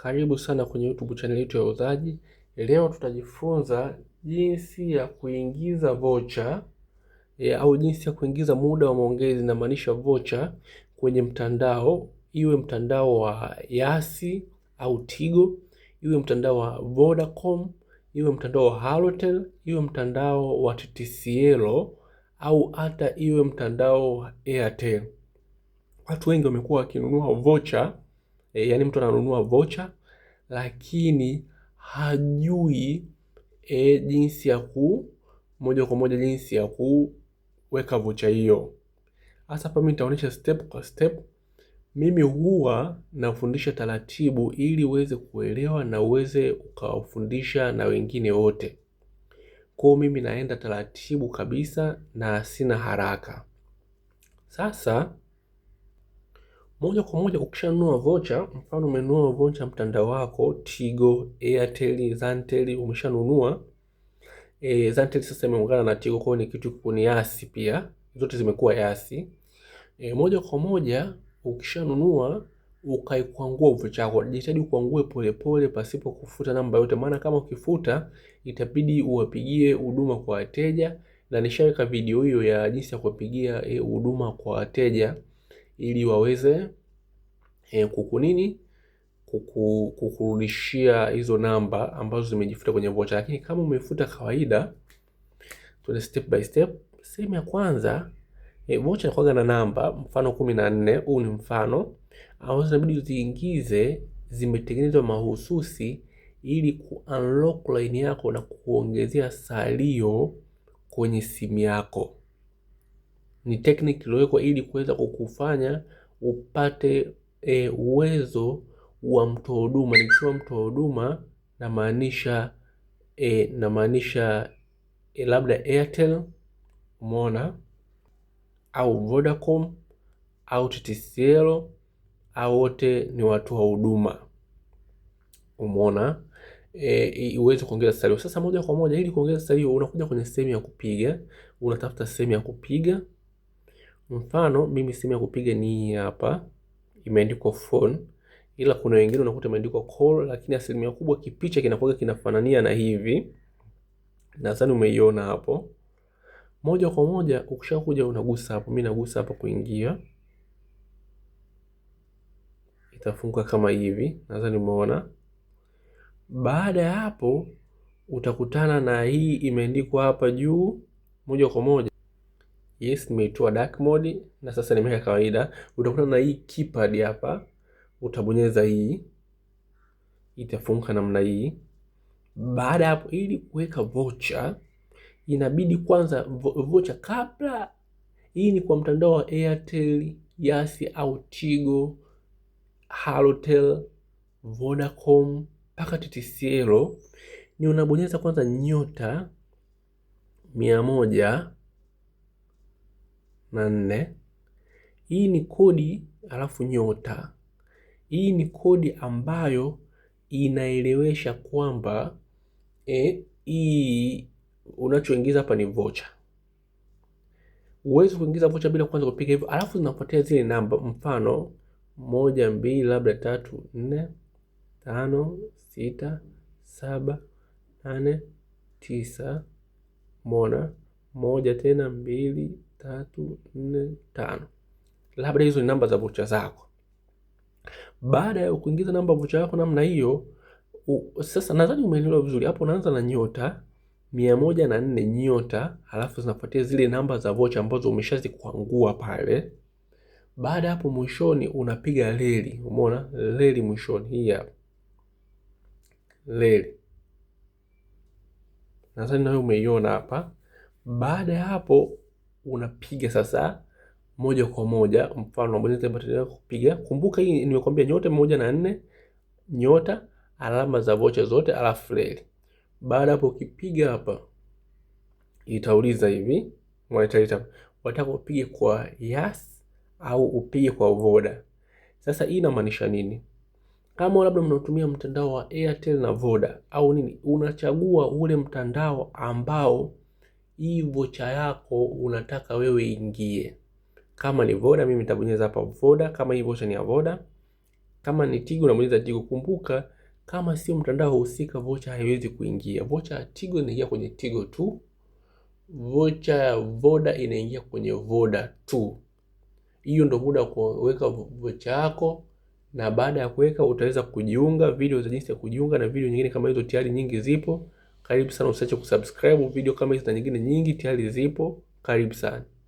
Karibu sana kwenye YouTube channel yetu ya Uzaji. Leo tutajifunza jinsi ya kuingiza vocha e, au jinsi ya kuingiza muda wa maongezi na maanisha vocha kwenye mtandao, iwe mtandao wa Yasi au Tigo, iwe mtandao wa Vodacom, iwe mtandao wa Halotel, iwe mtandao wa TTCL au hata iwe mtandao wa Airtel. Watu wengi wamekuwa wakinunua vocha e, yani mtu ananunua vocha lakini hajui e, jinsi ya ku moja kwa moja jinsi ya kuweka vocha hiyo. Hasa hapa mimi nitaonyesha step kwa step. Mimi huwa nafundisha taratibu ili uweze kuelewa na uweze ukawafundisha na wengine wote. Kwa mimi naenda taratibu kabisa na sina haraka. Sasa moja kwa moja ukishanunua vocha, mfano umenunua vocha mtandao wako Tigo, Airtel, Zantel umeshanunua. E, Zantel sasa imeungana na Tigo kwa ni kitu ni yasi pia. Zote zimekuwa yasi. E, moja kwa moja ukishanunua ukaikwangua vocha yako. Jitahidi kuangue polepole pasipo kufuta namba yote, maana kama ukifuta itabidi uwapigie huduma kwa wateja, na nishaweka video hiyo ya jinsi ya kuwapigia e, huduma e, kwa wateja ili waweze e, nini kuku, kukurudishia hizo namba ambazo zimejifuta kwenye vocha. Lakini kama umefuta kawaida, tuende step by step. Sehemu ya kwanza e, vocha inakuwa na namba, mfano kumi na nne. Huu ni mfano ambazo zinabidi uziingize, zimetengenezwa mahususi ili ku unlock line yako na kuongezea salio kwenye simu yako ni technique iliyowekwa ili kuweza kukufanya upate e, uwezo wa mtoa huduma. Nikisema mtoa huduma namaanisha e, namaanisha e, labda Airtel umeona, au Vodacom au TTCL au wote ni watu wa huduma umeona. E, uweze kuongeza salio sasa moja kwa moja. Ili kuongeza salio, unakuja kwenye sehemu ya kupiga, unatafuta sehemu ya kupiga Mfano mimi simu ya kupiga ni hii hapa, imeandikwa phone, ila kuna wengine unakuta imeandikwa call, lakini asilimia kubwa kipicha kinakuwa kinafanania na hivi. Nadhani umeiona hapo. Moja kwa moja ukishakuja unagusa hapo, mimi nagusa hapa kuingia, itafunguka kama hivi, nadhani umeona. Baada ya hapo utakutana na hii imeandikwa hapa juu moja kwa moja. Yes, nimeitoa dark mode na sasa nimeweka kawaida. Utakuta na hii keypad hapa, utabonyeza hii, itafunguka namna hii. Baada ya hapo, ili kuweka vocha inabidi kwanza vocha kabla. Hii ni kwa mtandao wa Airtel, Yasi au Tigo, Halotel, Vodacom mpaka TTCL, ni unabonyeza kwanza nyota mia moja na nne. Hii ni kodi alafu nyota. Hii ni kodi ambayo inaelewesha kwamba eh, hii unachoingiza hapa ni vocha. Huwezi kuingiza vocha bila kwanza kupiga hivyo, alafu zinafuatia zile namba, mfano moja, mbili, labda tatu, nne, tano, sita, saba, nane, tisa. Mona moja tena, mbili tatu, nne, tano. Labda hizo ni namba za vocha zako. Baada ya kuingiza namba vocha yako namna hiyo, sasa nadhani umeelewa vizuri hapo. Unaanza na nyota mia moja na nne nyota, halafu zinafuatia zile namba za vocha ambazo umeshazikwangua pale. Baada ya hapo, mwishoni unapiga leli. Umeona leli mwishoni, hii hapa leli, nadhani nayo umeiona hapa. Baada ya hapo unapiga sasa moja kwa moja, mfano bonyeza button kupiga. Kumbuka hii nimekwambia nyota moja na nne nyota alama za vocha zote alafu reli. Baada hapo ukipiga hapa itauliza hivi mwanitaita wataka upige kwa Yas au upige kwa Voda. Sasa hii inamaanisha nini? Kama labda mnatumia mtandao wa Airtel na Voda au nini, unachagua ule mtandao ambao hii vocha yako unataka wewe ingie. Kama ni Voda, mimi nitabonyeza hapa Voda. Kama hii vocha ni ya Voda, kama ni Tigo unabonyeza Tigo. Kumbuka kama sio mtandao husika, vocha haiwezi kuingia. Vocha ya Tigo inaingia kwenye Tigo tu, vocha ya Voda inaingia kwenye Voda tu. Hiyo ndio muda wa kuweka vocha yako, na baada ya kuweka utaweza kujiunga. Video za jinsi ya kujiunga na video nyingine kama hizo tayari nyingi zipo. Karibu sana, usiache kusubscribe video kama hizi na nyingine nyingi tayari zipo. Karibu sana.